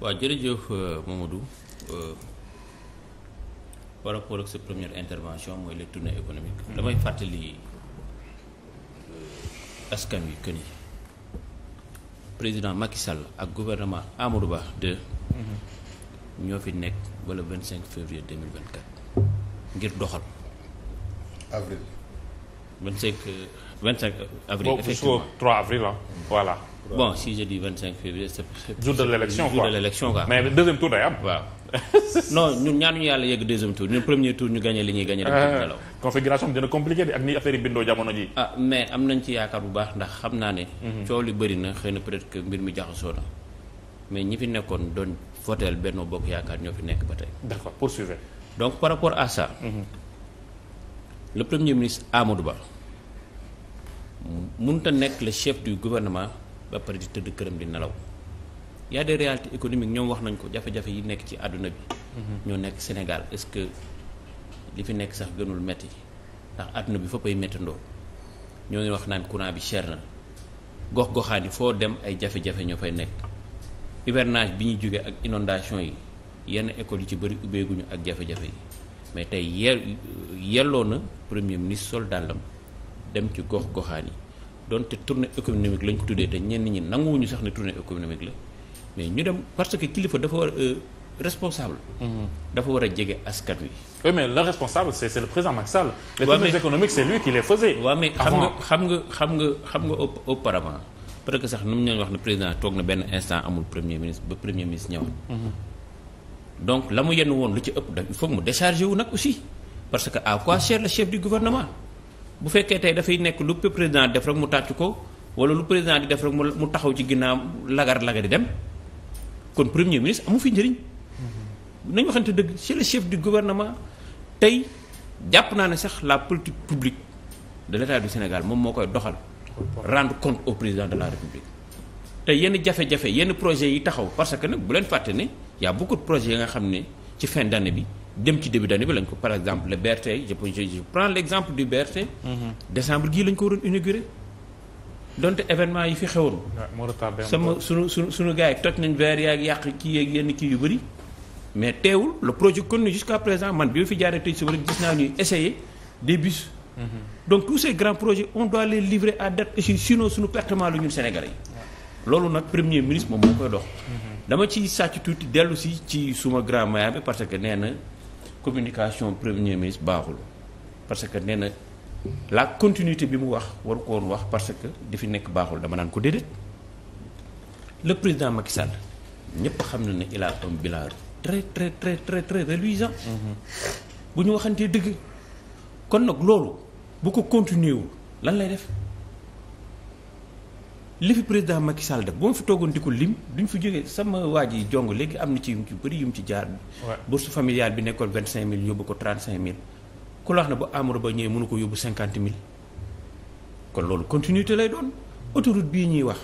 waaw jërëjëf euh, Mamadou euh, par rapport ak sa première intervention mooy les tournées économiques mm-hmm. damay fàttali euh, askan wi que ni président Macky Sall ak gouvernement Amadou Ba 2 mm-hmm. ñoo fi nekk wala cinq février 2024 ngir doxal avril 25 25 avril bon, effectivement 3 avril hein. voilà. bon si je dis 25 février c'est jour de l'élection quoi de l'élection quoi. am. waaw non ñun ñaanuñu yàlla yegg deuxième tour ñu gagné li ñuy gagné. Ah, de ak yi bindoo jamono ji. Ah, am nañ ci yaakaar bu baax ndax xam naa ne. Mhm. coow li bëri na xëy na peut-être que mbir mi jaxasoo na mais ñi fi nekkoon doon votel Benno Bokk Yaakaar ñoo fi nekk ba tey. donc par rapport à mhm. le premier ministre Amadou Ba mënut a nekk le chef du gouvernement ba pare di tëdd këram di nelaw y a des économiques ñoom wax nañ ko jafe-jafe yi nekk ci àdduna bi. ñoo nekk Sénégal est-ce que li fi nekk sax gënul metti ndax àdduna bi fëppay méttandoo ñoo ngi wax naan courant bi cher na gox-goxaan yi foo dem ay jafe-jafe ñoo fay nekk hivernage bi ñuy jógee ak inondation yi yenn écoles yu ci bëri ubbeeguñu ak jafe-jafe yi. mais tey ye yelloo na premier ministre sol dàllam dem ci gox goxaan yi donte tournée économique lañ ko tuddee te ñenn ñi ñu sax ne tournée économique la mais ñu dem parce que kilifa dafa war euh, responsable. Mm-hmm. dafa war a jege askan wi. oui mais le responsable c'est c'est le président Macky Sall. les tournées c'est lui qui les faisait. waaw mais xam nga xam nga xam nga xam nga auparavant parce que sax nu mu leen wax ne président toog na benn instant amul premier ministre ba premier ministre donc la mu yenn woon lu ci ëpp da foog mu décharger wu nag aussi parce que à quoi sert le chef du gouvernement bu fekkee tey dafay nekk lu président def mu tàcc ko wala lu président di def rek mu taxaw ci ginnaaw lagar lagar di dem kon premier ministre mu fi njëriñ nañu waxante dëgg chef le chef du gouvernement tey jàpp naa ne sax la politique publique de l'État du Sénégal moom moo koy doxal rendre compte au président de la République te yenn jafe-jafe yenn projet yi taxaw parce que nag bu leen fàtte y a beaucoup de projets nga xam ne ci fin d'année bi dem ci début d'année bi lañ ko par exemple le BRT je je prends mm-hmm. décembre gii lañ ko waroon inauguré. donte événement yi fi xewoon. sama sunu sunu sunu gars yi toj nañ verre yaag yàq kii yeeg yenn kii yu bëri. mais teewul le projet connu jusqu'à présent man bi ma fi jaaree tey suba rek gis naa ñuy essayer des bus. Mm-hmm. donc tous ces grands projets on doit les livrer à date échue sinon suñu pertement ñun Sénégalais yi. loolu dama ci sàcc tuuti dellu si ci suma grand maya bi parce que nee na communication premier ministre baaxul parce que nee na la continuité bi mu wax waru ko wax parce que di fi nekk baaxul dama naan ko déedéet le président Macky Sall ñëpp xam na ne il a un bilan très très très très très reluisant mm-hmm. bu ñu waxantee dëgg kon nag loolu bu ko continuer wul lan lay def li fi président Macky Sall def boo fi toogoon di ko lim duñ fi jógee sama waa ji jong léegi am na ci yu ci bëri mu ci jaar. waaw bourse familiale bi nekkoon vingt cinq mille yóbbu ko trente cinq mille. ku la wax ne ba Amadou Ba ñëwee mënu ko yóbbu cinquante mille kon loolu continuité lay doon autoroute bii ñuy wax.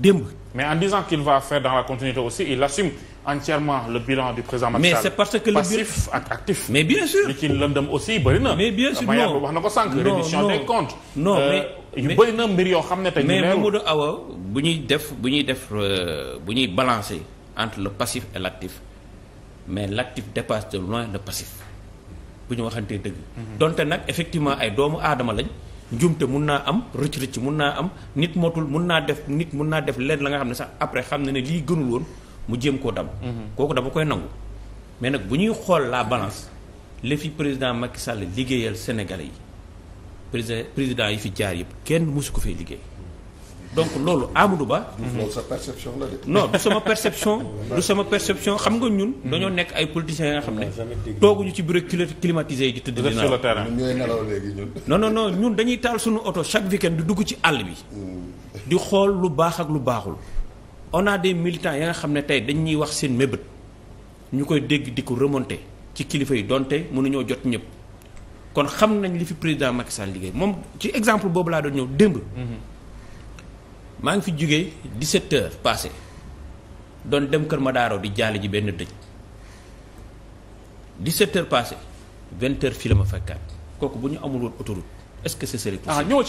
démb. mais en disant qu'il va faire dans la continuité aussi il assume entièrement le bilan du président Macky Sall. mais c'est parce que le passif ak actif. mais bien sûr li ci lëndëm aussi bëri na. mais bien sûr non wax na ko sànq. reddition des comptes. non euh, mais yu bëri na mbir yoo xam ne tey. mais Mamadou Awa bu ñuy def bu ñuy def euh, bu ñuy balancer entre le passif et l'actif mais l'actif dépasse de loin le passif bu ñu waxantee dëgg. Mhm. donte nag effectivement ay doomu aadama lañ. njumte mun naa am rëcc-rëcc mun naa am nit mootul mun naa def nit mun naa def lenn la nga xam ne sax après xam na ne lii gënul woon mu jéem koo dam mhm. kooku dama koy nangu mais nag bu ñuy xool la balance li fi président Macky Sall liggéeyal Sénégalais yi président yi fi jaar yëpp kenn mosu ko fee liggéey donc loolu Amadou Ba. loolu sa perception la de. non du sama perception. du sama perception xam nga ñun. Mm-hmm. dañoo nekk ay politiciens yi nga xam ne. tooguñu ci bureau climatisé yi di tëdd. dina ñooy nelaw léegi ñun. non ñun dañuy taal suñu oto chaque week-end dugg ci àll bi. Mm. di xool lu baax ak lu baaxul. on de des militants ya nga xam ne tey dañuy wax seen mébét ñu koy dégg di ko remonter ci kilifa yi donte mënuñoo jot ñëpp kon xam nañ li fi président Macky Sall liggéey moom ci exemple boobu laa doon ñëw démb. Mm-hmm. maa ngi fi jugee 17 heures passé doon dem Kër ma Madaaro di jaale ji benn dëj 17 heures passé 20 heures fii la ma fekkaat kooku bu ñu amul woon autoroute est-ce que ce